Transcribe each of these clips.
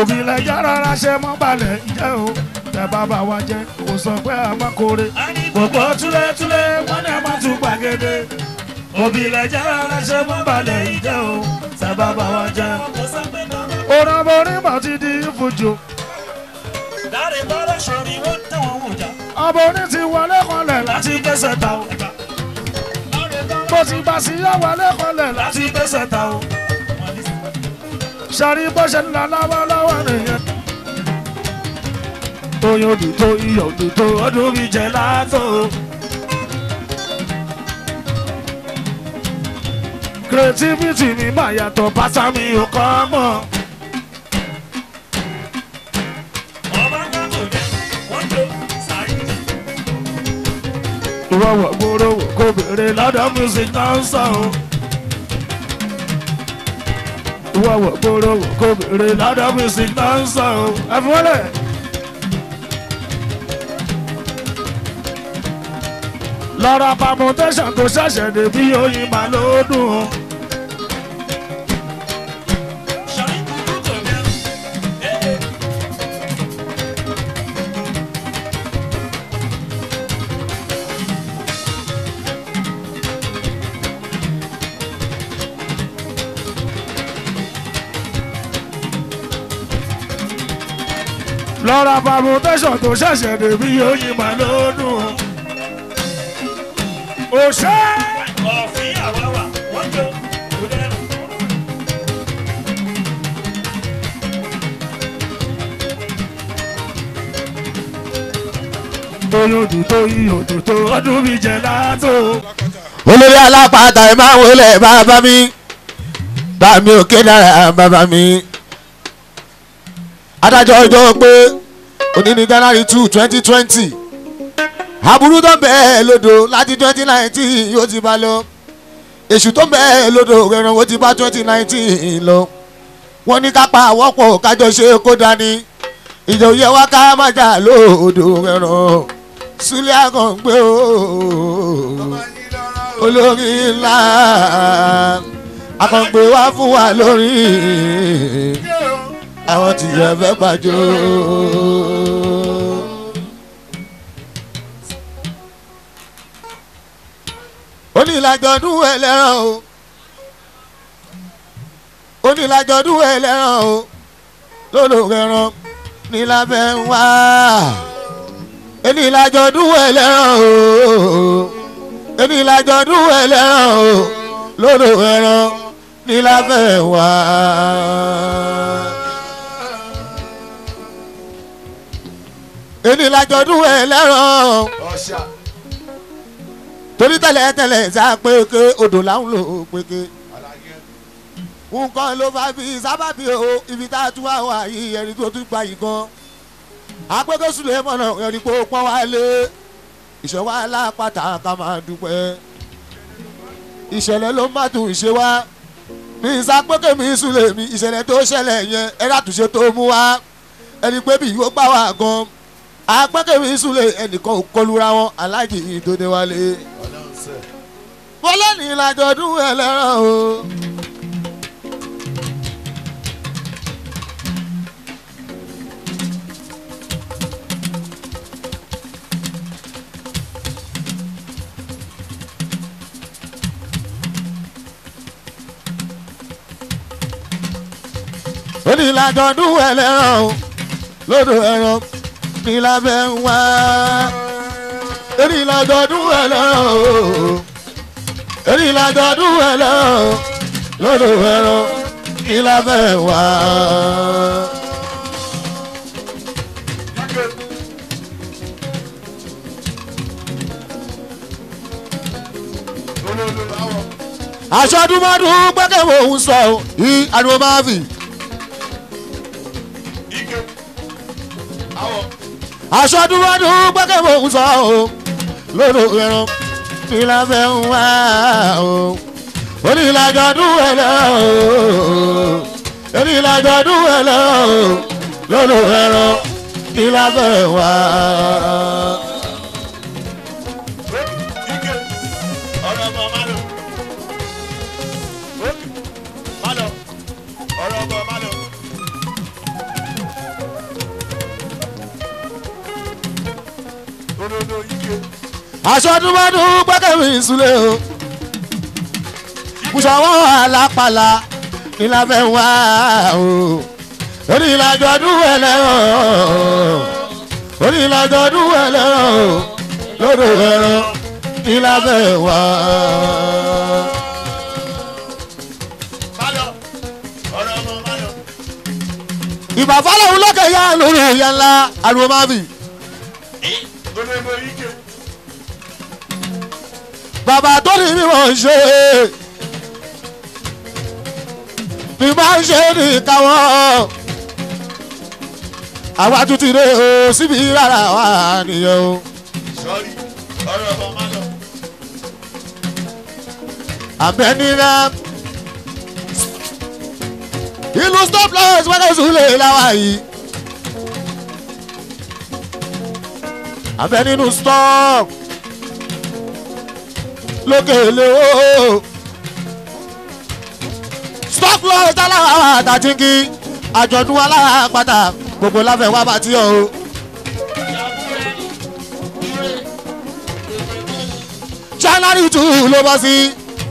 òbí lẹjọ́ rárá ṣe mọ́ balẹ̀ jẹ́ o tẹ bàbá wa jẹ́ kò sọ pé a má kórè. gbogbo túlétúlé wọn ni a máa tún gbàgede. òbí lẹjọ́ rárá ṣe mọ́ balẹ̀ jẹ́ o tẹ bàbá wa jẹ́. òrànbó onímọ̀ ti di ìfújò. dáre bọ́lá ṣòrí ó tẹ̀wọ̀n wò já. ọbọ oní ti wọlé kanlẹ̀ láti gbèsè ta o. bó ti bá sí yá wọlé kanlẹ̀ láti gbèsè ta o sari bó ṣe ń la lọ́wọ́lọ́wọ́ nìyẹn. oyin odò tó iyọ̀ odò tó ọdún mi jẹ látò. creativity mi máa yàtọ̀ pásá mi ò kọ́ mọ́. ìwọ wọ̀ gbòòrò wò kò béèrè lọ́dọ̀ music náà o. Wow, kórówó kóbèrè ládàá music náà ń sàn o ẹ̀fọ́lẹ̀. lọ́ra pàmò tẹ̀sán tó ṣẹ̀ṣẹ̀ dé bí oyin màá ló lọ́ra pàmùtẹ́sàn tó ṣẹ̀ṣẹ̀ dèbí oyin mà ló dùn. òṣè. ọ̀fìn àwáwà wọ́n jó kó dẹ́rù. olódù tó yí òdò tó ọdún mi jẹ látò. olórí alápàtà ẹ máa wọlé bàbá mi bàmí òkè dára bàbá mi adájọ́ ọjọ́ pé òní ni january two twenty twenty aburú tó ń bẹ́ẹ̀ lódò láti twenty nineteen yóò ti bá lọ èṣù tó ń bẹ́ẹ̀ lódò ìrànwọ́ ti bá twenty nineteen lọ wọ́n ní ká pa àwọ́pọ̀ kájọ ṣe kó dání ìjọ yẹ wá ká má jà lódò ẹ̀ràn sílẹ̀ àgàngbé olórí ńlá àgàngbé wá fún wa lórí àwọn tìyẹ fẹ́ pàjọ́. onílàjọdún ẹlẹ́ran o onílàjọdún ẹlẹ́ran o lólùrẹ̀ràn ní lábẹ́ ń wá enílàjọdún ẹlẹ́ran o enílàjọdún ẹlẹ́ran o lólùrẹ̀ràn ní lábẹ́ ń wá. èmi làjọdún ẹ lẹ́rọ̀ torí tẹ́lẹ̀ tẹ́lẹ̀ sá péke odò làwọn lò péke nǹkan ló fà fi sábàbí o ibi tá a tún wá wà yìí ẹni tó tún gba yìí gan apẹ́kẹ́ sùlẹ̀mọ́nà ẹni pé ó pọ́n wá lé ìṣọ̀wá alápàtà ká máa dúpẹ́ ìṣẹ̀lẹ̀ ló má tún ṣe wá mi ìsapẹ́kẹ́ mi sùlẹ̀ mi ìṣẹ̀lẹ̀ tó ṣẹlẹ̀ yẹn ẹ̀rọ àtúnṣe tó mú wá ẹni pé bí yóò gbà wá gan apákẹ́mi súnlẹ̀ ẹnìkan kọlura wọn aláàjì ìdóníwálé bọ́lá ní ìlàjọ̀dún ẹlẹ́ràn o. onílàjọ̀dún ẹlẹ́ràn o lódò ẹran kí la fẹ́ ń wá èrí làjọ̀dún ẹ̀ lọ èrí làjọ̀dún ẹ̀ lọ lọ́dọ̀ ẹ̀rọ kí la fẹ́ wá. aṣọ́dúnmọ́dún gbẹ́kẹ̀wò òun sọ ọ́ yí ariwo máa fì. aṣọ dúró gbẹ́kẹ̀ mò ń sọ o lóru ẹran kí la fẹ́ ń wá o onílàjọ dúró lọ o onílàjọ dúró lọ o lóru ẹran kí fẹ́ ń wá o. aṣọ́dúnmọ́dún gbẹ́kẹ̀mí ìsúlẹ̀ o kùsọ̀wọ́n alápàlà ìlàfẹ́ wá o orí ìlàjọ ọdún ẹlẹ́rọ orí ìlàjọ ọdún ẹlẹ́rọ lódò ẹ̀rọ ìlàfẹ́ wá. ìbàfàlẹ̀ òun lókè yá lórí ẹ̀yà ńlá àrùn máa gbogbo ìbò yìí bàbá tó ní bí mo ṣe bí máa ń ṣe ní káwọn àwa tún ti dé o síbi rárá wa nìyẹn o. àbẹ̀nira ìlú stop loss wákàtí lè láwa yìí. abẹ́ nínú stock lókèlè o. stocklight aláwa àtàtìngì àjọ̀dún alápàtà gbogbo láfẹ̀wá bá tí o. january two ló bọ́ sí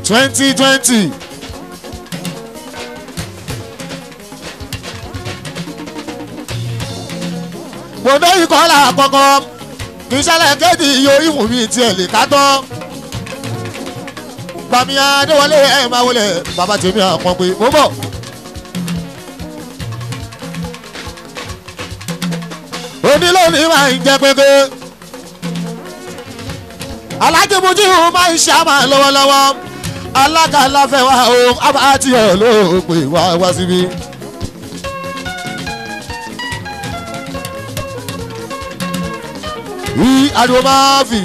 twenty twenty. gbòdó ìkọlà àkọ́kọ́ kì í ṣẹlẹ̀ kéde iye orí wù mí tiẹ̀ lè ká tán. Bàmí Adéwọlé ẹ̀ máa wọlé bàbá tèmi àpọ̀n pé mo bọ̀. onílòní máa ń jẹ pépé alájẹ mojú máa ń ṣàmà lọ́wọ́lọ́wọ́ alága láfẹwà o abáàtì ọlọ́ọ̀pẹ̀ wá wá síbí. yí ariwo máa fì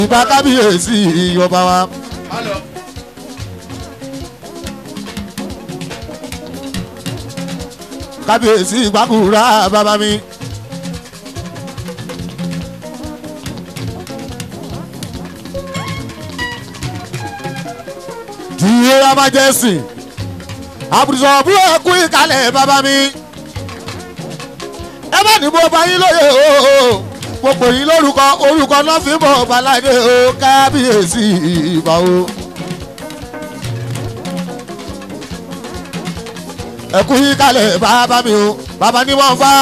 ìbà kábíyèsí ọba wa. kábíyèsí ìgbàkúrà bàbá mi. dìé amájẹsìn àbùsọ̀bù ẹ̀kú ìkàlẹ̀ bàbá mi. ẹ bá ní bó bá yín lóye ooo mo pè yín lórúkọ orúkọ náà fi bọ̀ balade o kábíyèsí ìbà o. ẹ yí kalẹ̀ bàbá mi o bàbá ni wọ́n fa.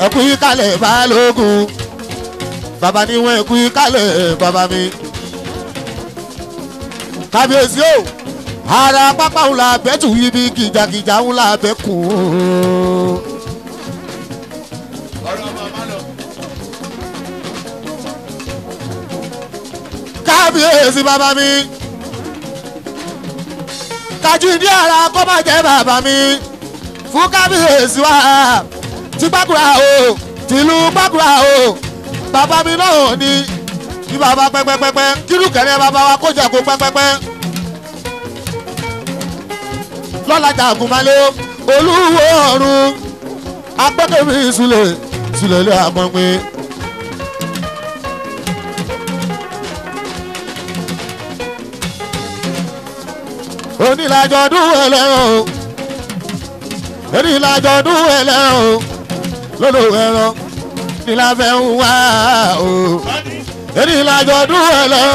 ẹ kú yí kalẹ̀ balógun bàbá ni wọ́n ẹ kú yí kalẹ̀ bàbá mi kábíyèsí o ara pápá òun làbẹ́ tù ibi kìjàkìjà òun làbẹ́ kù. kábíyèsí bàbá mi kájú ní ara kọ́ máa jẹ́ bàbá mi fún kábíyèsí wa ti gbàgbà o tìlú gbàgbà o bàbá mi náà ní ní bàbá pẹ́pẹ́pẹ́pẹ́ kírù kẹ́rẹ́ bàbá wa kó jà kó pẹ́pẹ́pẹ́ lọ́lájà àgùnmalé olúwo ọ̀run agbẹ́dẹ̀mí ìsúlẹ̀ ìsúlẹ̀ lé àgbọ̀npin. onílàjọ ọdún ẹlẹ́rọ onílàjọ ọdún ẹlẹ́rọ lọ́dọ̀ ẹ̀rọ nílàfẹ́ ń wá o onílàjọ ọdún ẹlẹ́rọ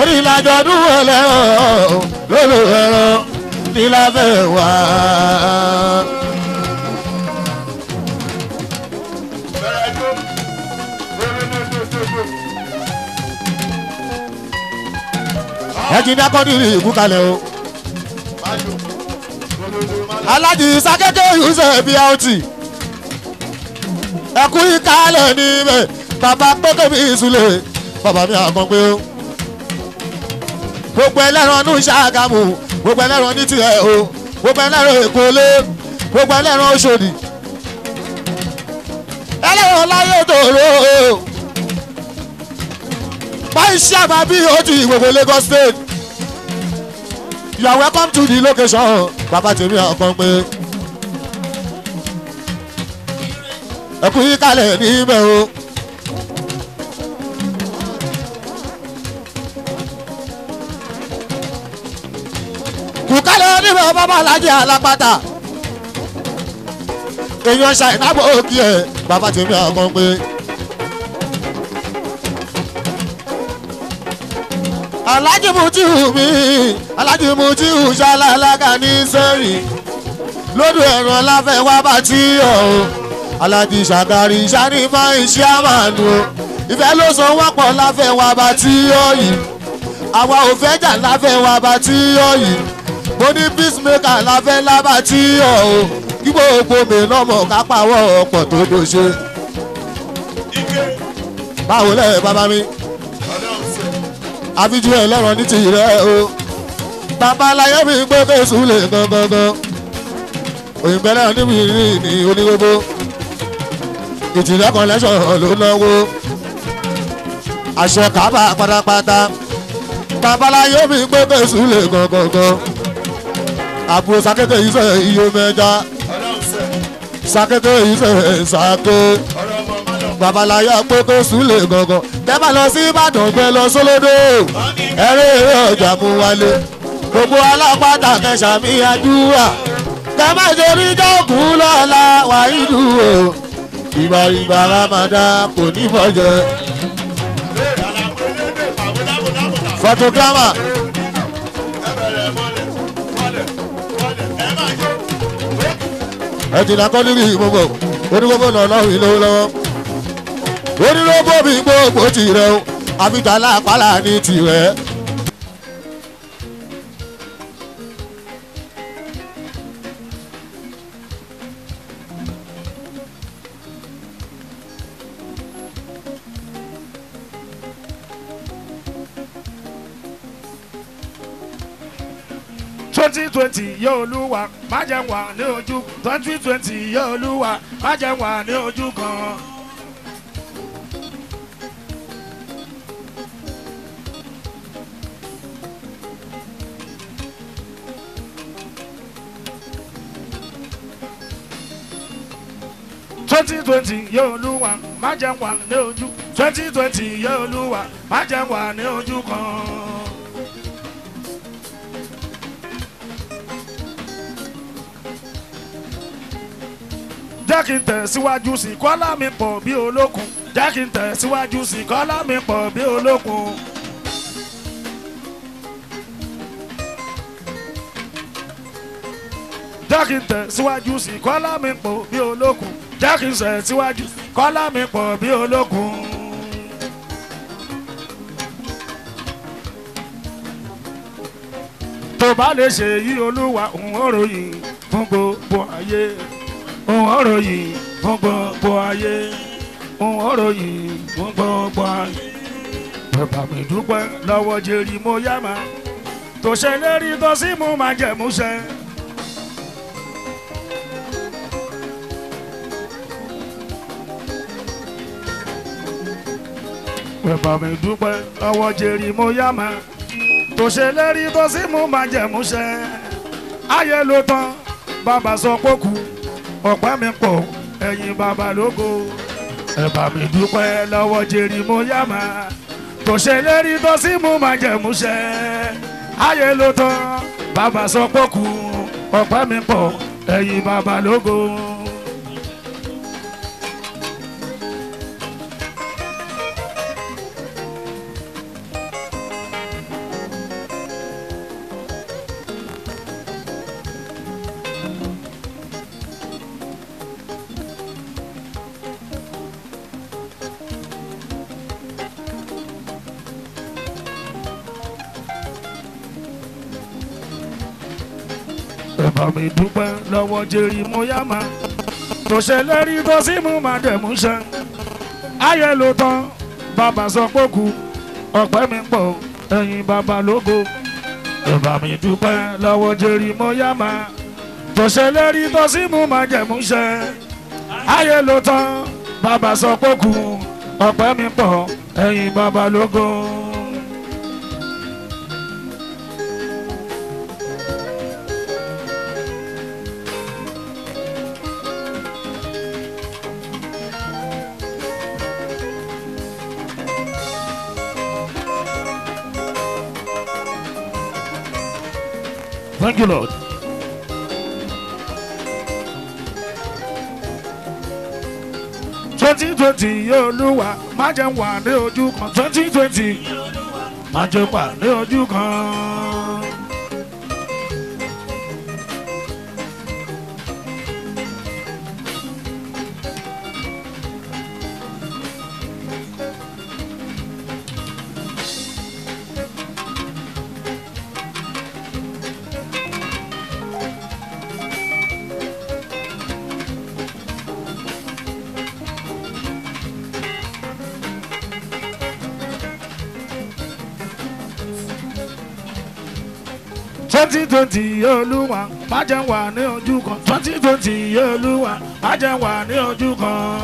onílàjọ ọdún o olùkọ́rọ́ bí lábẹ́ wá. ẹ ti dákọ́ nínú ìkú kalẹ̀ o. alájì sákẹ́kẹ́ ìhùsẹ̀ bí a ó tì. ẹkú ìkálẹ̀ níbẹ̀ bàbá pẹ́kẹ́ mi ìsúlẹ̀ bàbá mi àgbọ̀n pé ó gbogbo ẹlẹ́ran ní Ṣàgámù gbogbo ẹlẹ́ran ní tirẹ̀ o gbogbo ẹlẹ́ran Èkó lé gbogbo ẹlẹ́ran Òṣòdì ẹlẹ́ran láyédòrò báyìí ṣe àgbà bí ojú ìgbòho Lagos State you are welcome to the location bàbá tèmi ọkàn pé ẹkùn yìí kalẹ̀ ní ibẹ̀ o. oníbẹ̀ bàbá alájẹ alápàtà èèyàn ṣàìnábọ̀ òkè ẹ̀ bàbá tèmi àgbọn pé. alájì Mutiu mi alájì Mutiu ṣàlàlága ní sẹ́rìn lódò ẹ̀rọ láfẹ́ wá bá tí ọ̀ o alájì ṣàgàrí ṣànífà iṣẹ́ àmàlù o ìfẹ́ ló sọ wápọ̀ láfẹ́ wá bá tí ọ̀ àwa ò fẹ́ jà láfẹ́ bá tí ọ̀ mo ní peacemaker láfẹ́ lábàtí ọ̀ o kí gbogbo mi lọ́mọ kápáwọ́ ọ̀pọ̀ tó dò ṣe. báwo lẹ́yìn bàbá mi àfijú ẹ̀ lọ́rọ̀ ní tìrẹ o babaláyé mi gbé fèsù lè gangan òyìnbẹ́lẹ́ oníbìrì ní onígbogbo ìtìlẹ̀ kọ́lẹ́ṣọ̀ ló náwó àṣẹ kábà pátápátá babaláyé mi gbé fèsù lè gangan àbúrò sakete yìí sẹ iye mẹja sakete yìí sẹ sake babalaya kókó súlẹ̀ gangan tẹ́bà lọ sí ìbàdàn gbẹ lọ sólódò ẹ̀rẹ́ eré ọjà mú wálé gbogbo alápàtà kẹsàmí adúrà tẹ́bà ṣe rí jọ́ọ̀kú lọ́la wàhídù o ìbàrìbà ramadan kò ní fọjọ́. photogrammer. ẹ̀jìnlá kọ́lírì gbogbo onígbogbo náà lọ́wọ́ ìlú lọ́wọ́ onírọ́bọ̀ mi gbogbo tìrẹ o àbíjà lápá láàánú tìrẹ. twenty twenty yọ olúwa má jẹ́ wà ní ojú twenty twenty yọ olúwa má jẹ́ wà ní ojú kan. twenty twenty yóò lúwa má jẹ́ wà ní ojú twenty twenty yóò lúwa má jẹ́ wà ní ojú kan. kí n tẹ̀síwájú sí kọ́lá mi pọ̀ bí olókun jẹ́ kí n tẹ̀síwájú sí kọ́lá mi pọ̀ bí olókun. jẹ́ kí n tẹ̀síwájú sí kọ́lá mi pọ̀ bí olókun jẹ́ kí n tẹ̀síwájú kọ́lá mi pọ̀ bí olókun. tó bá lè ṣe yí olúwa òun ó ròyìn fún gbogbo ayé ń ọ̀rọ̀ yìí fún gbogbo ayé ń ọ̀rọ̀ yìí fún gbogbo ayé. bàbá mi dúpẹ́ lọ́wọ́ jerry mo yá ma tó ṣèlérí tó sì mú ma jẹ́ mú ṣẹ. bàbá mi dúpẹ́ lọ́wọ́ jerry mo yá ma tó tó sì mú ma jẹ́ mú ayé ló tán bàbá sọ pé kù ọpẹ́ mi pọ̀ ẹ̀yin bàbá lógo ẹ mi dúpẹ́ lọ́wọ́ jerry moyama tó ṣe lérí tó sì mú máa jẹ̀múṣẹ́ ayé ló tán bàbá sọ pọ́kù ọpẹ́ mi pọ̀ ẹ̀yin bàbá lógo. jèrè mo yá ma tòṣẹlẹ rí tó sí mú má dẹ̀mú ṣe ayé ló tán bàbá sọ pókù ọ̀pẹ́ mi pọ̀ ẹ̀yìn bàbá lógo bàbá mi dúpẹ́ lọ́wọ́ jèrè mo yá ma rí tó sí mú má ṣe ayé ló tán bàbá sọ pókù ọ̀pẹ́ mi pọ̀ ẹ̀yìn bàbá lógo. you, twenty twenty olúwa má jẹ́ wà ní ojú kan twenty twenty má jẹ́ wà ní ojú kan. twenty twenty olúwa má jẹ́ wà ní ojú kan twenty twenty olúwa má jẹ́ wà ní ojú kan.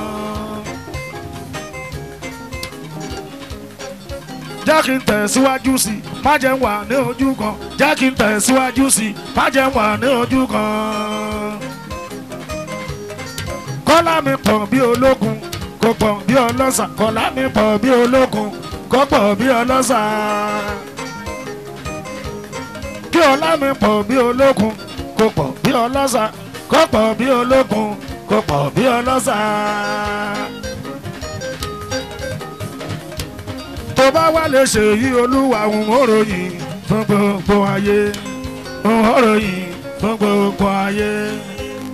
jẹ́ kí n tẹ̀síwájú sí i má jẹ́ wà ní ojú kan jẹ́ kí n tẹ̀síwájú sí i má jẹ́ wà ní ojú kan. kọ́lá mi pọ̀ bí ológun kò pọ̀ bí ọlọ́sà kọ́lá mi pọ̀ bí ológun kò pọ̀ bí ọlọ́sà kí ọlá mi pọ̀ bí olókun kó pọ̀ bí ọlọ́sà kó pọ̀ bí olókun kó pọ̀ bí ọlọ́sà. tó bá wá lè ṣe yí olúwa òun ó ròyìn fún gbogbo ayé òun ó ròyìn fún gbogbo ayé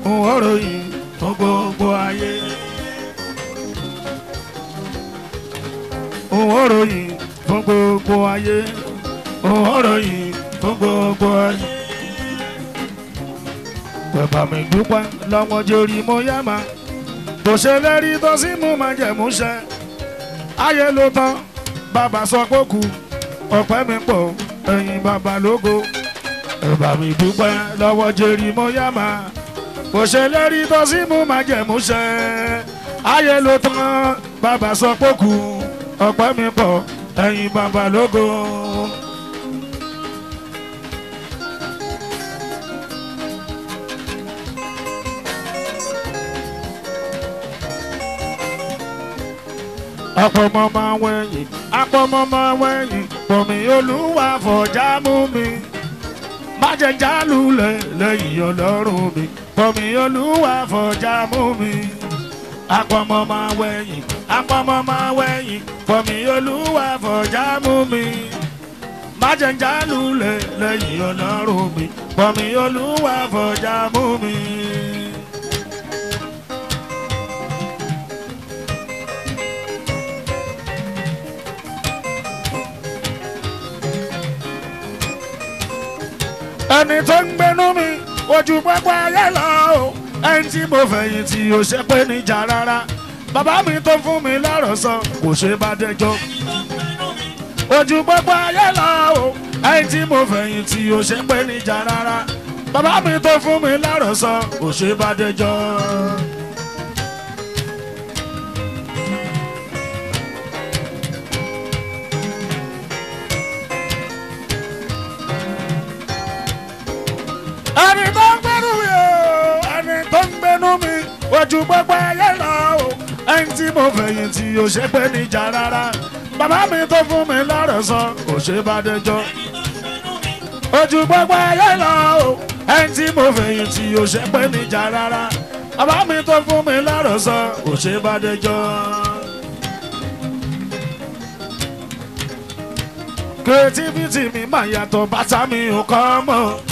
òun ó ròyìn fún gbogbo ayé. òun ó ròyìn fún gbogbo ayé òun ó ròyìn fún gbogbo ayé. Bàbá mi dúpẹ́ lọ́wọ́ jórí mo yá ma. Bó ṣe lérí tó sí mú máa jẹ̀ mú ṣẹ. Ayé ló tán, bàbá sọ pé kù. Ọpẹ́ mi pọ̀, ẹ̀yìn bàbá lógo. Bàbá mi dúpẹ́ lọ́wọ́ jórí mo yá ma. Bó ṣe lérí tó sí mú máa jẹ̀ mú ṣẹ. Ayé ló tán, bàbá sọ pé kù. Ọpẹ́ mi pọ̀, ẹ̀yìn bàbá lógo. àpọ̀mọ́ máa wẹ̀yìn àpọ̀mọ́ máa wẹ̀yìn pọ̀mì olúwa fọ̀já mú mi má jẹ́ já lulẹ̀ lẹ́yìn mi pọ̀mì olúwa fọ̀já mú mi àpọ̀mọ́ máa wẹ̀yìn àpọ̀mọ́ máa wẹ̀yìn pọ̀mì olúwa fọ̀já mú mi má jẹ́ já lulẹ̀ lẹ́yìn mi pọ̀mì olúwa fọ̀já mú mi. ẹni tó ń gbénú mi ojú pápá ayé lọ o ẹni tí mo fẹ̀yìn tì ò ṣe pé níjà rárá bàbá mi tó fún mi lọ́rọ̀ sọ kò ṣe bá dẹjọ́ ojú pápá ayé lọ o ẹni tí mo fẹ̀yìn tì ò ṣe pé níjà rárá bàbá mi tó fún mi lọ́rọ̀ sọ kò ṣe bá dẹjọ́. fẹ̀yìntì ò ṣe pé níjà rárá bàbá mi tó fún mi lọ́rọ̀ sọ kò ṣe bá dẹjọ́ ojú gbogbo ayé lọ o ẹni tí mo fẹ̀yìntì ò ṣe pé níjà rárá bàbá mi tó fún mi lọ́rọ̀ sọ kò ṣe bá dẹjọ́. creativity mi máa yàtọ̀ bàtà mi ò kọ́ mọ́.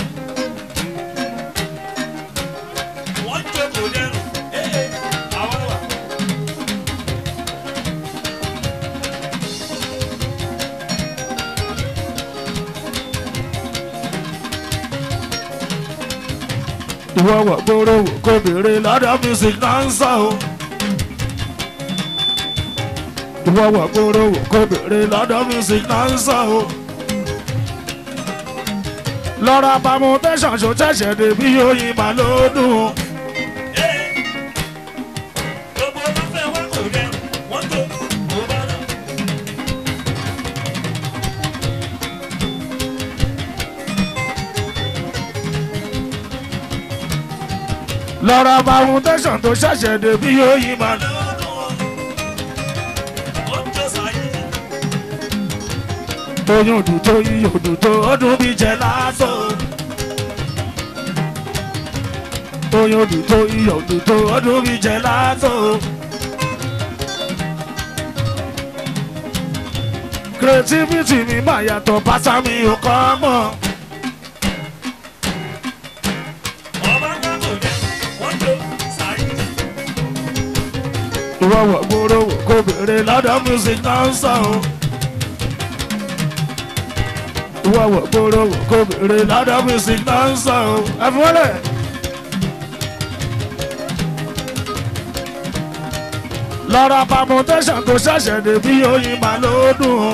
ìwọ wọ̀ gbòòrò wò kò béèrè lọ́dọ̀ music náà ń sọ o. ìwọ wọ̀ gbòòrò wò kò lọ́dọ̀ music náà ń sọ o. lọ́ra pamọ́ tẹ̀sán ṣo ṣẹ̀ṣẹ̀ débí oyin màlúù dùn. lọ́ra foundation tó ṣẹ̀ṣẹ̀ dé bí yóò yí ma lọ. oyún òdù tó yí òdù tó ọdún bíi jẹ lásán. oyún òdù tó yí òdù ọdún bíi jẹ lásán. creativity mi máa yàtọ̀ básámi ò mọ́. ìwọ wọ̀ gbòòrò wò kó bèrè music dancer o. ìwọ wọ̀ gbòòrò wò kó music dancer o. ẹ fún wọn lẹ. lọ́ra pamọ́ tẹ̀sán tó ṣẹ̀ṣẹ̀ dé bí oyin màá ló dùn o.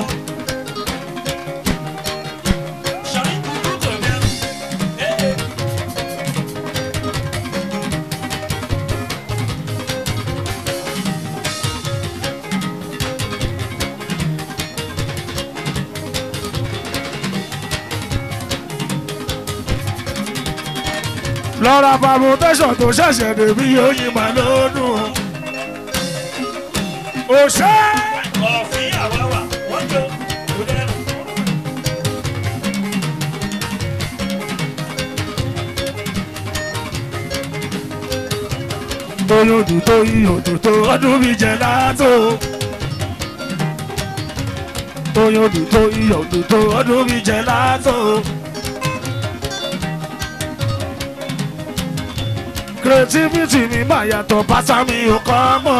lọ́ra permutation tó ṣẹ̀ṣẹ̀ débí oyin mà ló dùn. òṣè. ọ̀fìn àwáwà wọ́n jó kó dẹ́rù. olódù tó yí òdù tó ọdún mi jẹ látò. oyodù tó yí òdù tó ọdún mi jẹ látò. creativity mi máa yàtọ̀ pásá mi ò kọ́ mọ́.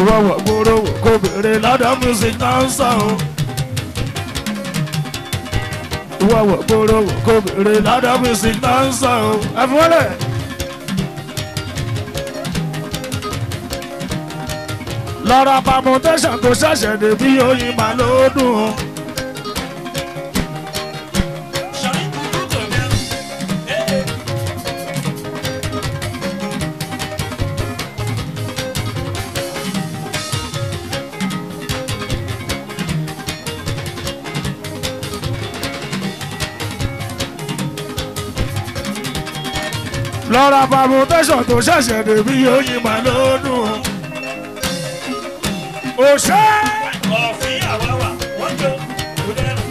ìwọ wọ̀ gbòòrò wò kò béèrè lọ́dọ̀ music náà o. ìwọ wọ̀ gbòòrò wò kò béèrè lọ́dọ̀ music náà o. ẹ fi wọ́n lẹ̀. lọ́rọ̀ pàmò tẹ̀sán ṣẹ̀ṣẹ̀ dé bí oyin màá ló dùn. lọ́ra pàmùtẹ́sàn tó ṣẹ̀ṣẹ̀ dèbí oyin mà ló dùn. òṣè. ọ̀fìn àwáwà wọ́n jó kó dẹ́nu.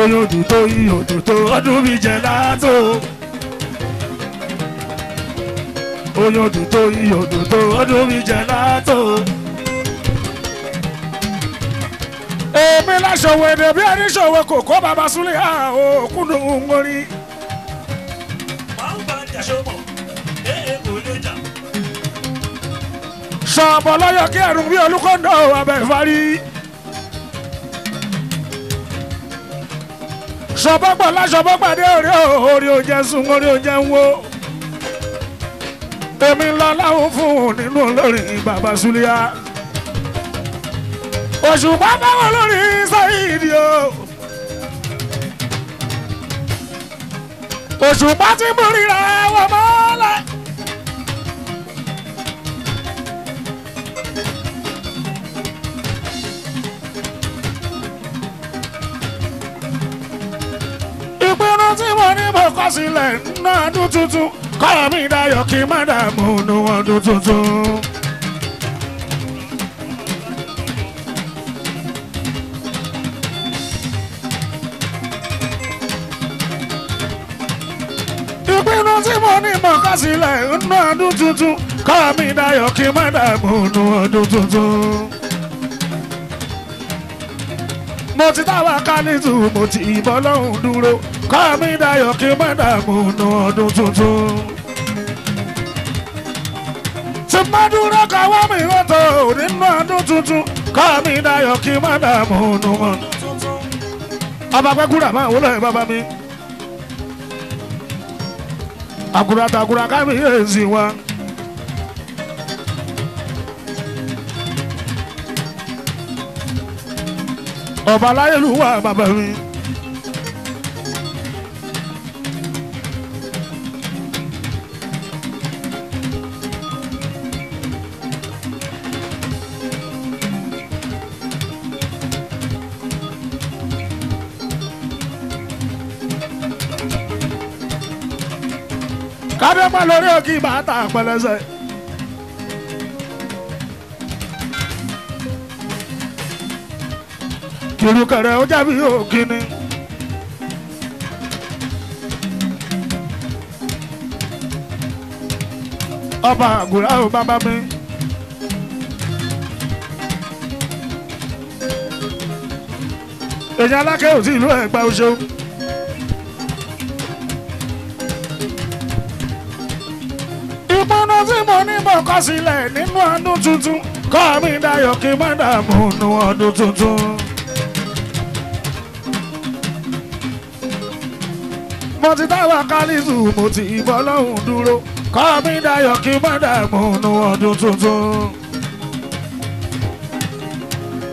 olódù tó yí òdò tó ọdún bíi jẹ látò. olódù tó yí òdò tó ọdún bíi jẹ látò. ìṣòwò èdè bí ẹni ṣòwò kòkó bàbá súnlẹ̀ àhókùnrin ngórí. sọ̀bọ̀ lọ́yọ̀ kí ẹ̀rùn bí olùkọ́ńdọ̀ abẹ́ ìfarí. sọ̀bọ̀gbọ̀ lásọ̀bọ̀ pàdé òré òré òjẹ́ sùn òré òjẹ́ ń wo. èmi lọ́lá ń fún un nínú olórí bàbá súnlẹ̀ yá. Òṣùpá báwọn lórí Saheed o. Òṣùpá tí mo ríra wọ́n mọ́lẹ̀. Ìpinnu tí mo ní mo kọ sílẹ̀ náà dún tuntun kọ́ mi dayọ̀ kí má dààmú nu ọdún tuntun. sílẹ̀ nínú ọdún tuntun kọ́ mi dayọ̀ kí má dààmú nínú ọdún tuntun. mo ti táwa kálítù mo ti ìbọn lọ́hùn dúró kọ́ mi dayọ̀ kí má dààmú nínú ọdún tuntun. tí má dúró káwọ́ mi rọ́tò nínú ọdún tuntun kọ́ mi dayọ̀ kí má dààmú nínú ọdún tuntun. ọba pẹ́kúrà máa wọlé bàbá mi takura takura kábíyèsí wa. ọba láyéluwà bàbá mi. lábẹ́ pọ̀ lórí òkè ìbáta pẹlẹsẹ̀. tìrùkẹ̀rẹ̀ ó jábí ògiri. ọba àgùrá ò bàbá mi. èyí alákẹ́ òsì ìlú Ẹ̀gbá Òṣogbo. tó kọ sílẹ̀ nínú ọdún tuntun kọ́ mi dayọ̀ kí n má dààmú nínú ọdún tuntun. mo ti dáwà kálísù mo ti bọ́ lọ́hùn dúró kọ́ mi dayọ̀ kí n má dààmú nínú ọdún tuntun.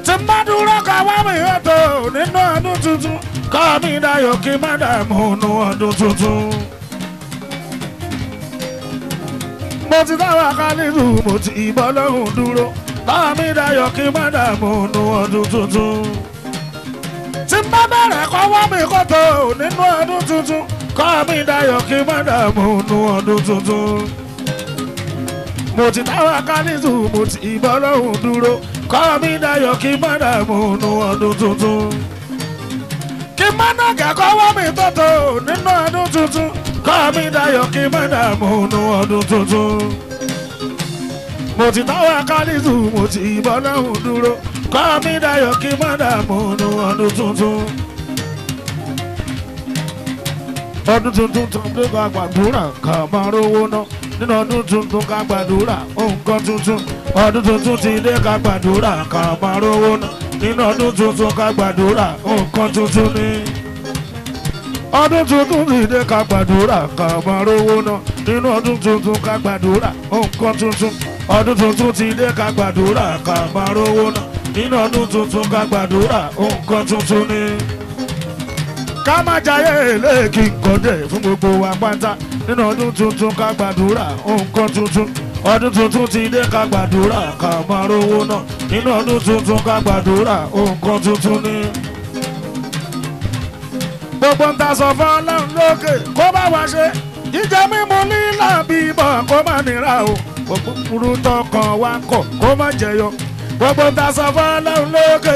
tí n bá dúró kọ́ wá mi ètò nínú ọdún tuntun kọ́ mi dayọ̀ kí n má dààmú nínú ọdún tuntun. mo ti táwọn akálìlú mo ti bọ́ lọ́hùn dúró táwọn mi dayọ̀ kí má dààmú nu ọdún tuntun. tí n bá bẹ̀rẹ̀ kọ́wọ́ mi kó tó nínú ọdún tuntun kọ́ mi dayọ̀ kí má dààmú nu ọdún tuntun. mo ti táwọn akálìlú mo ti bọ́ lọ́hùn dúró kọ́ mi dayọ̀ kí má dààmú nu ọdún tuntun. kí má nàgà kọ́wọ́ mi tó tó nínú ọdún tuntun kọ́mi dayọ̀ kí mẹ́dàmú nu ọdún tuntun. mo ti táwọn akálíṣù mo ti bọ́ lọ́hùn dúró kọ́mi dayọ̀ kí mẹ́dàmú nu ọdún tuntun. ọdún tuntun tó ń gbé ká gbàdúrà ká máa rówó ná nínú ọdún tuntun ká gbàdúrà nǹkan tuntun ọdún tuntun ti dé ká gbàdúrà ká máa rówó ná nínú ọdún tuntun ká gbàdúrà nǹkan tuntun ni. ọdún tuntun dìde ká gbàdúrà ká máa rówó ná nínú ọdún tuntun ká gbàdúrà nǹkan tuntun ọdún tuntun ti dé ká gbàdúrà ká máa rówó ná nínú ọdún tuntun ká gbàdúrà nǹkan tuntun ni. ká má jayé eléèkì nǹkan dé fún gbogbo wa pátá nínú ọdún tuntun ká gbàdúrà nǹkan tuntun ọdún tuntun ti dé ká gbàdúrà ká máa rówó ná nínú ọdún tuntun ká gbàdúrà nǹkan tuntun ni. gbogbo ń ta sọ fún ọlọ́run lókè kó bá wa ṣe jíjẹ mímu lílà bíbọ̀ kó má nira o gbogbo burú tọkàn wa kọ̀ kó má jẹyọ gbogbo ń ta sọ fún ọlọ́run lókè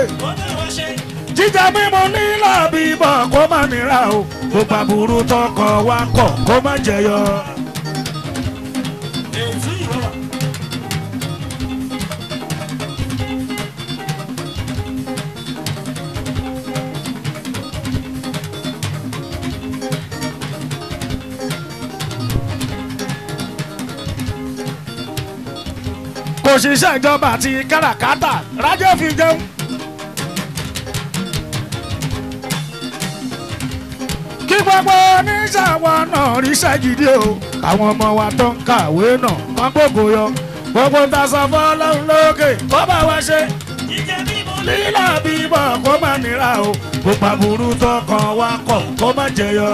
jíjẹ mímu lílà bíbọ̀ kó má nira o gbogbo burú tọkàn wa kọ̀ kó má jẹyọ. òṣìṣẹ́ ìjọba àti káràkátà rájẹ́ fi jẹun. kí gbogbo oníṣàwọ̀ náà ríṣẹ́ gidi o àwọn ọmọ wa tó ń kàwé náà wọ́n gbogbo yọ gbogbo ń tasọ fọlọ́run lókè kó bá wa ṣe lílà bíbọ̀ kó má nira o kó pa burú tó kàn wá kọ̀ kó má jẹyọ.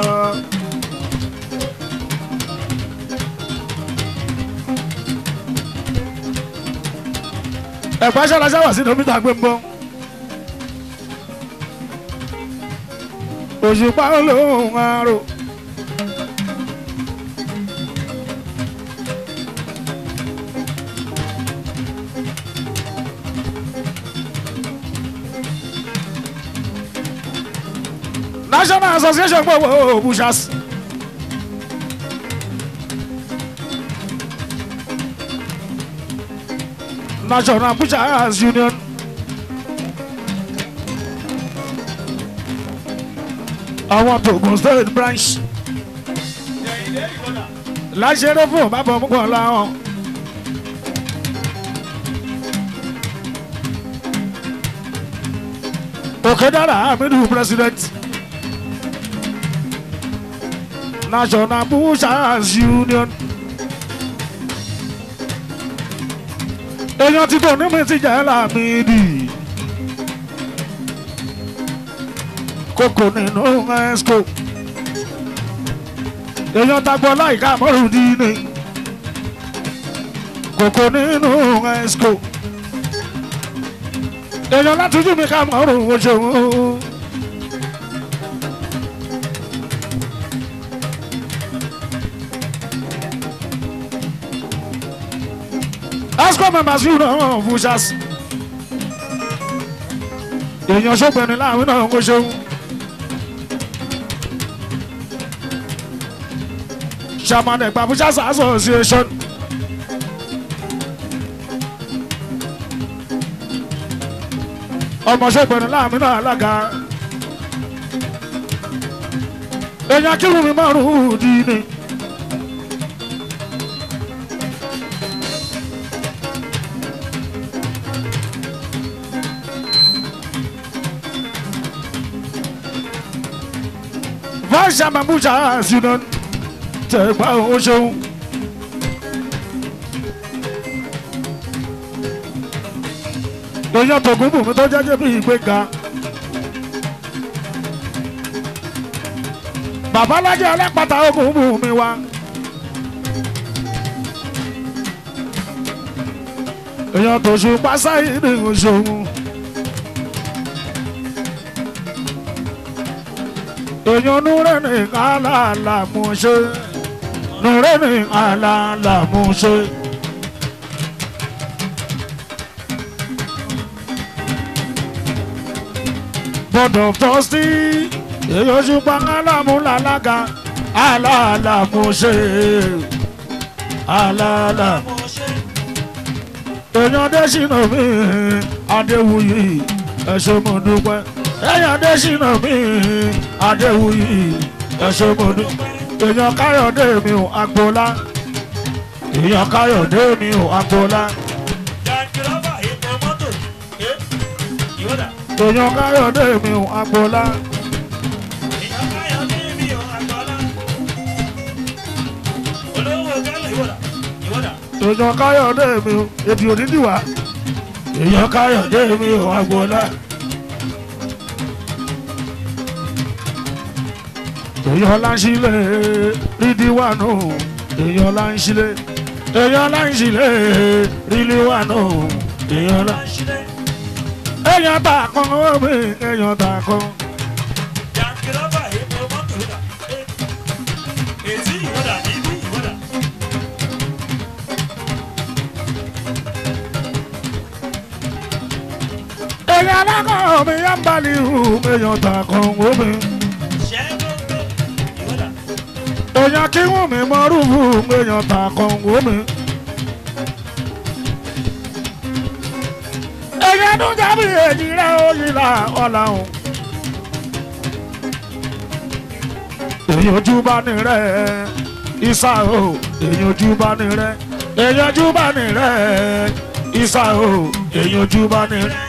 ẹ̀pá ṣọ́ra ṣáwà sí dómítà gbé ń bọ́. òṣùpá olóhùn arò. National Association gbogbo Bushas. National Pushers Union. Àwọn Togun State branch. Láṣẹ́rẹ́ fún bàbá ọmọkùnrin láwọn. Òkèdàrà Hamidu president. National Pushers Union. èèyàn ti dùn nímú ti jẹ́ Lámídì. kókò nínú ẹ̀sìkò èèyàn tagbọ́ láìka mọ́rùndín ni kókò nínú ẹ̀sìkò èèyàn látújú mi ká mọ́rùn oṣù. mọ̀ máa ṣùgbọ́n wọn fún ṣáṣí. èèyàn ṣọ́gbẹ̀nu láàrin náà kó ṣeun. ṣàmọ̀nà ìgbà fún ṣáṣí association. ọmọ ṣọ́gbẹ̀nu láàrin náà alága. èèyàn kírun mi márùn-ún dín ní. sama musa sinon tẹ̀gbá o ṣeun. èèyàn tògún bùnmi tó jẹ́jẹ́ bí ìgbéga. babalájẹ́ ọlẹ́pàtà ogun bùnmi wa. èèyàn tòṣùpá sáyé ní oṣooṣù. Toyo nureni ala la mushe Nureni ala la mushe Bodo fosti Eyo jupang ala mulalaga Ala la mushe Ala la mushe Toyo deshino mi Adewuyi Ẹ ṣé mo dúpẹ́ ẹ̀yàn Adésínà mi Adéwuyì ẹ̀ṣẹ̀ mo ní èèyàn Káyọ̀dé mi ò agboola èèyàn Káyọ̀dé mi ò agboola. èèyàn Káyọ̀dé mi ò agboola. èèyàn Káyọ̀dé mi ò èbí òdídìwá èèyàn Káyọ̀dé mi ò agboola. èyàn láńṣílẹ̀ rídíwánù èyàn láńṣílẹ̀ èyàn láńṣílẹ̀ rídíwánù èyàn láńṣílẹ̀ èyàn tàkàn ọ̀gbìn Ezi tàkàn. ibi lákàn ọ̀gbìn yá ń balẹ̀ ìhù èyàn tàkàn ọ̀gbìn. èèyàn kí wọ́n mi mọ rúfù èèyàn tà kọ̀ǹgó mi. èèyàn tó jábì èjì rẹ̀ ó yìlá ọ̀la o. èyí ojú bá ní rẹ̀ ìsà o èyí ojú bá ní rẹ̀ èyí ojú bá ní rẹ̀ ìsà o èyí ojú bá ní rẹ̀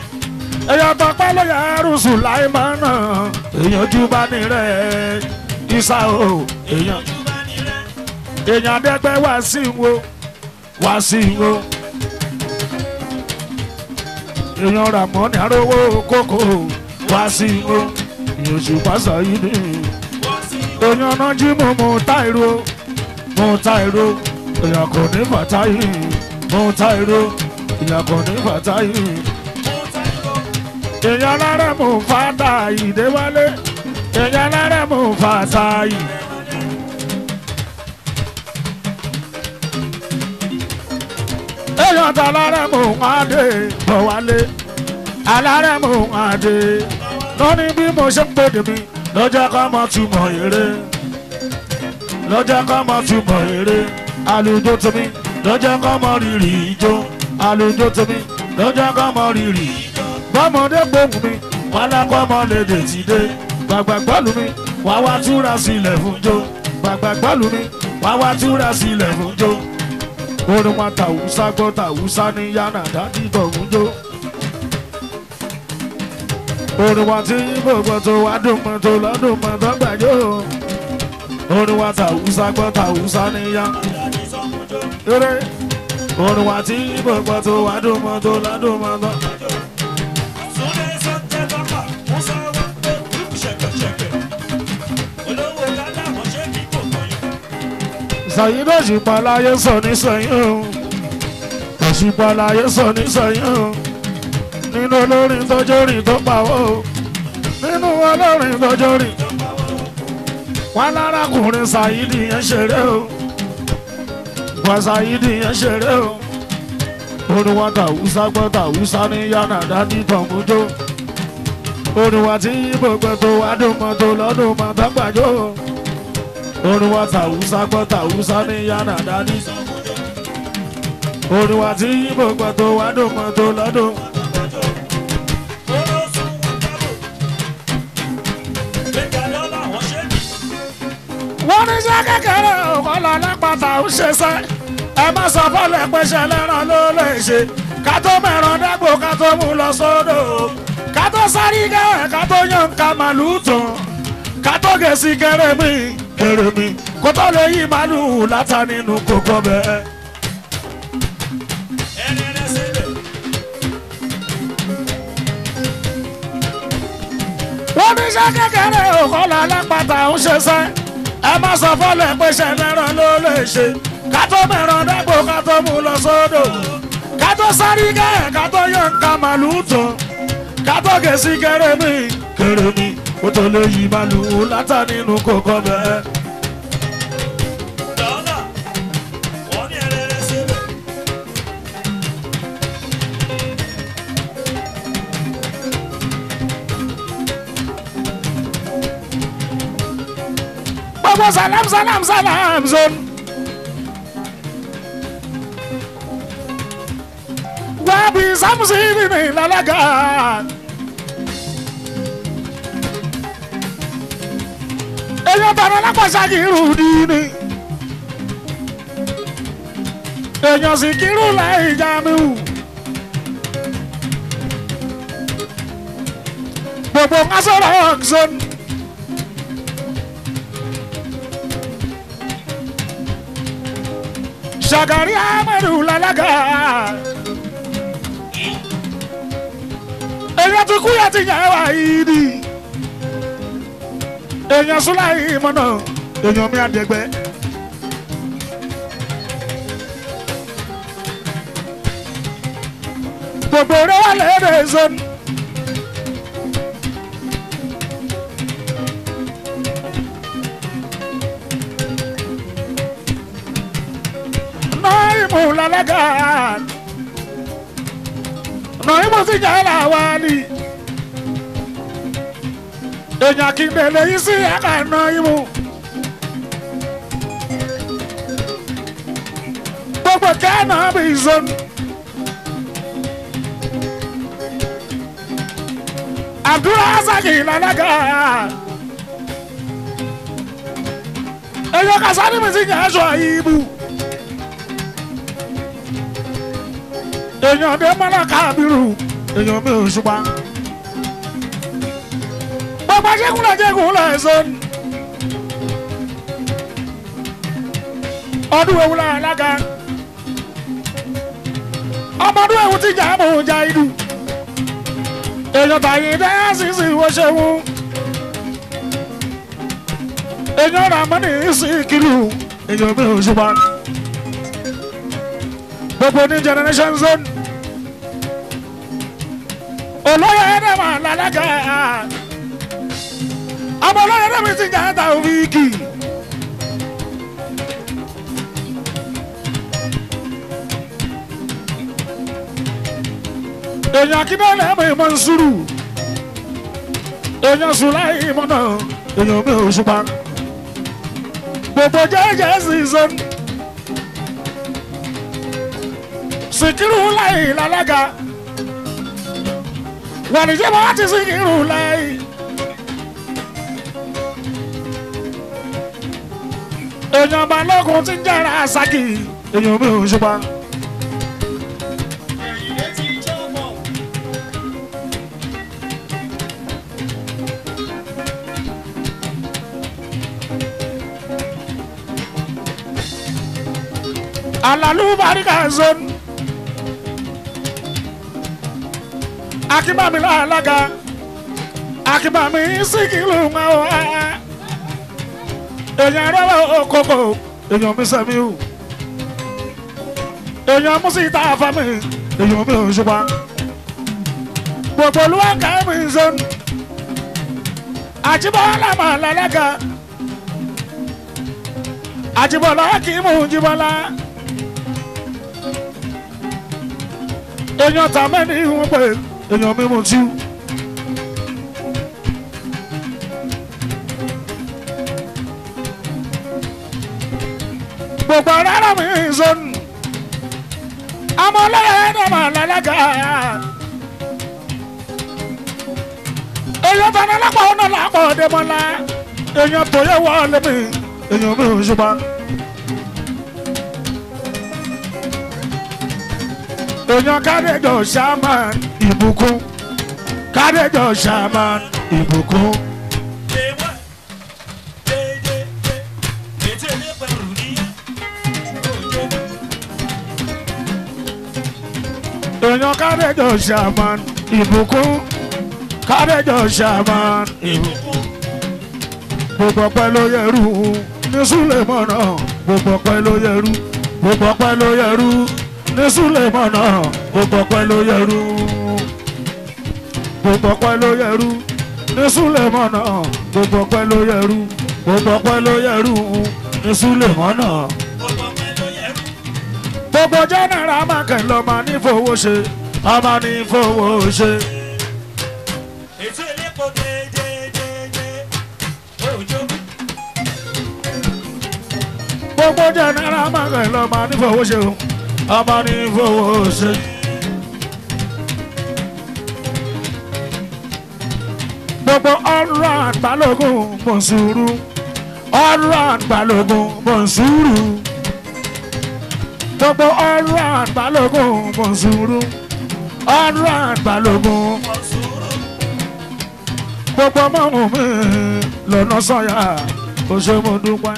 èyàn tó pẹ́ ló yẹ rúṣù láì máa nà èyàn ojú bá ní rẹ̀ ìsà o èyàn èèyàn dẹ́gbẹ́ wá sí wo wá sí wo èèyàn ràmọ́ni arówó kókó wá sí wo èèyàn pásá yìí ni èèyàn náà jí mú mú táìró mú táìró èèyàn kò ní bàtà yìí mú táìró èèyàn kò ní bàtà yìí èèyàn lára mú fàtà ìdéwálé èèyàn lára mú fàtà yìí. ọ̀tọ̀ alárẹ̀mú wọn dé bọ̀ wálé alárẹ̀mú wọn dé lónìí bí mo ṣe ń gbèdè mi lọ́jọ́ kan mọ̀ túmọ̀ eré lọ́jọ́ kan mọ̀ túmọ̀ eré àlùjọ tèmi lọ́jọ́ kan mọ̀ rírì ijó àlùjọ tèmi lọ́jọ́ kan mọ̀ rírì bọ́mọdé gbóhùn mi wọn lákọ́ mọ́ lédè ti dé gbàgbà gbọ́lù mi wàá wá túra sílẹ̀ fún jó gbàgbà gbọ́lù mi wàá wá túra sílẹ̀ fún jó orin wa tàwùsá gbọ́ tàwùsá ní yánà dájú tọ̀hún jó orin wa tí yíbò gbọ́ tó wá dùnmọ́ tó lọ́dùnmọ́ tó gbàjó orin wa tàwùsá gbọ́ tàwùsá ní yánà dájú tọ̀hún jó orin wa tí yíbò gbọ́ tó sẹ̀yìn náà ṣùpá láyé sọ ní sẹ́yìn o òṣùpá láyé sọ ní sẹ́yìn o nínú olórin tọ́jọ́rìn tó pawó nínú olórin tọ́jọ́rìn tó pawó wọn lárakùnrin Saheed yẹn ṣeré o wọn Saheed yẹn ṣeré o oníwà tàwùsá gbọ́ tàwùsá ní yánàdá ní tọ̀mùjó oníwà tí yíbo gbẹ tó wá dùn mọ́ tó lọ́dún mọ́ tó gbàjọ́ orin wa tàwùsá gbọ́ tàwùsá ní yánà dání orin wa tí yíbo gbọ́ tó wá dùn mọ́ tó lọ́dún. wọ́n ní sẹ́ kékeré òkò lọ lápáta ń ṣiṣẹ́ ẹ má sọ fọ́lọ́ ẹ pèsè ẹlẹ́ran ló lè ṣe ká tó mẹ́ràn dágbò ká tó mú lọ sódò ká tó sáré ká tó yàn ká tán ká tó gèsì gẹ́rẹ́ mi tẹ̀rẹ̀ mi kótó lè yí màálù látà nínú kókó bẹ́ẹ̀. wọ́n ní iṣẹ́ kékeré òkọ́lá alápàtà ń ṣe sẹ́ ẹ má sọ fọ́lẹ̀ pé iṣẹ́ mẹ́ràn ló lè ṣe ká tó mẹ́ràn dágbò ká tó mú lọ sódò ká tó sáré gẹ́ẹ̀ ká tó yọ̀ǹkà màálù tó ká tó gèsì kéré mi kéré mi ó tó lè yí màlù látà nínú kòkó bẹ́ẹ̀. gbogbo salam salam salam zone. wàá bí sámùsì Eyo bana la kwa shakiru dini Eyo sikiru la ijamu Bobo ngasora akson Shagari amaru lalaga Eyo tukuya tinyawa idi èèyàn súláì mọ̀nà èèyàn mi àdẹ̀gbẹ́. gbogbo rẹ wà lẹ́rẹ̀ zon. náà ìmọ̀ làlágà náà ìmọ̀ sí jàlá èèyàn kì í bẹ̀rẹ̀ yín sí àná imú. gbogbo kẹ́ẹ̀nà bí zon. àdúrà sàkì lálága. èèyàn kàṣà ni mi ti yàn aṣọ ìbú. èèyàn dé mọ́lá kábírù èèyàn mi ò ṣùgbọ́n la jẹ́kùn la jẹ́kùn la ẹ̀sọ́ ni. ọdún ewu la alága ọmọdún ewu ti jà mọ̀ ọjà ìlú èèyàn tàyè dẹ́ sísè wọ́n ṣẹ́wọ́n èèyàn rà mọ́ ní ìsìnkìlù èèyàn bí òṣùpá gbogbo àmọ́ ọlọ́run ẹ̀rọ mi sì jà ẹ́ta òfìkì. èèyàn akíndélé ẹ̀mọ ìmọ̀ nsúrù èèyàn sùláì ìmọ̀ náà èèyàn mi ò ṣùpá gbogbo jẹ́jẹ́ sì sọ. láì lálága wàlíjẹ́ bá ti Sikiru láì. èèyàn balógun ti ń jẹ́ra ṣákì èèyàn mi ò ṣùpá. alalu barika zone akibami la alaga akibami sikilu ma o èèyàn rọ́wọ́ òkòkò èèyàn mi sẹ́mi o èèyàn mú sí ìta àfàmì èèyàn mi ò ṣùpá gbogbo olúwa kẹ́mi zon àjíbọ́lá mà lálága àjíbọ́lá kì í mú jíbọ́lá èèyàn tàmẹ́ni ìhùn pé èèyàn mi mú tíw. gbogbo rárá mi zonu amọ̀lẹ́yẹ̀dọ̀ mà lálága èèyàn bẹ̀rẹ̀ lápá ọ̀nà lápá ọ̀dẹ mọ́lá èèyàn bòye wọlé mi èèyàn mi ò ṣùgbọ́n. èèyàn kárẹ́jọ ṣáàmán ìbùkún kárẹ́jọ ṣáàmán ìbùkún. èèyàn kárẹ́jọ ṣàmán ìbùkún kárẹ́jọ ṣàmán ìbùkún gbogbo ọpẹ́ ló yẹrù ní Súlẹ̀mọ́nà gbogbo ọpẹ́ ló yẹrù gbogbo ọpẹ́ ló yẹrù ní Súlẹ̀mọ́nà gbogbo ọpẹ́ ló yẹrù gbogbo ọpẹ́ ló yẹrù ní Súlẹ̀mọ́nà gbogbo ọpẹ́ ló yẹrù gbogbo ọpẹ́ ló yẹrù ní Súlẹ̀mọ́nà gbogbo jẹ́nẹ̀rà mákẹ́ lọ máa ní fowó ṣe a máa ní fowó ṣe. ètò ìlẹ́kọ̀ọ́ déédéé òjò. gbogbo jẹ́nẹ̀rà mákẹ́ lọ máa ní fowó ṣe a máa ní fowó ṣe. gbogbo ọ̀rọ̀ àgbàlógún mọ̀nsúrù ọ̀rọ̀ àgbàlógún mọ̀nsúrù tọ́gbọ́ ọ̀rọ̀ àgbàlógún mọ̀ sùúrù ọ̀rọ̀ àgbàlógún mọ̀ sùúrù gbogbo mọ́mú mi lọ́nà sọ́yà kò ṣe mo dúpẹ́.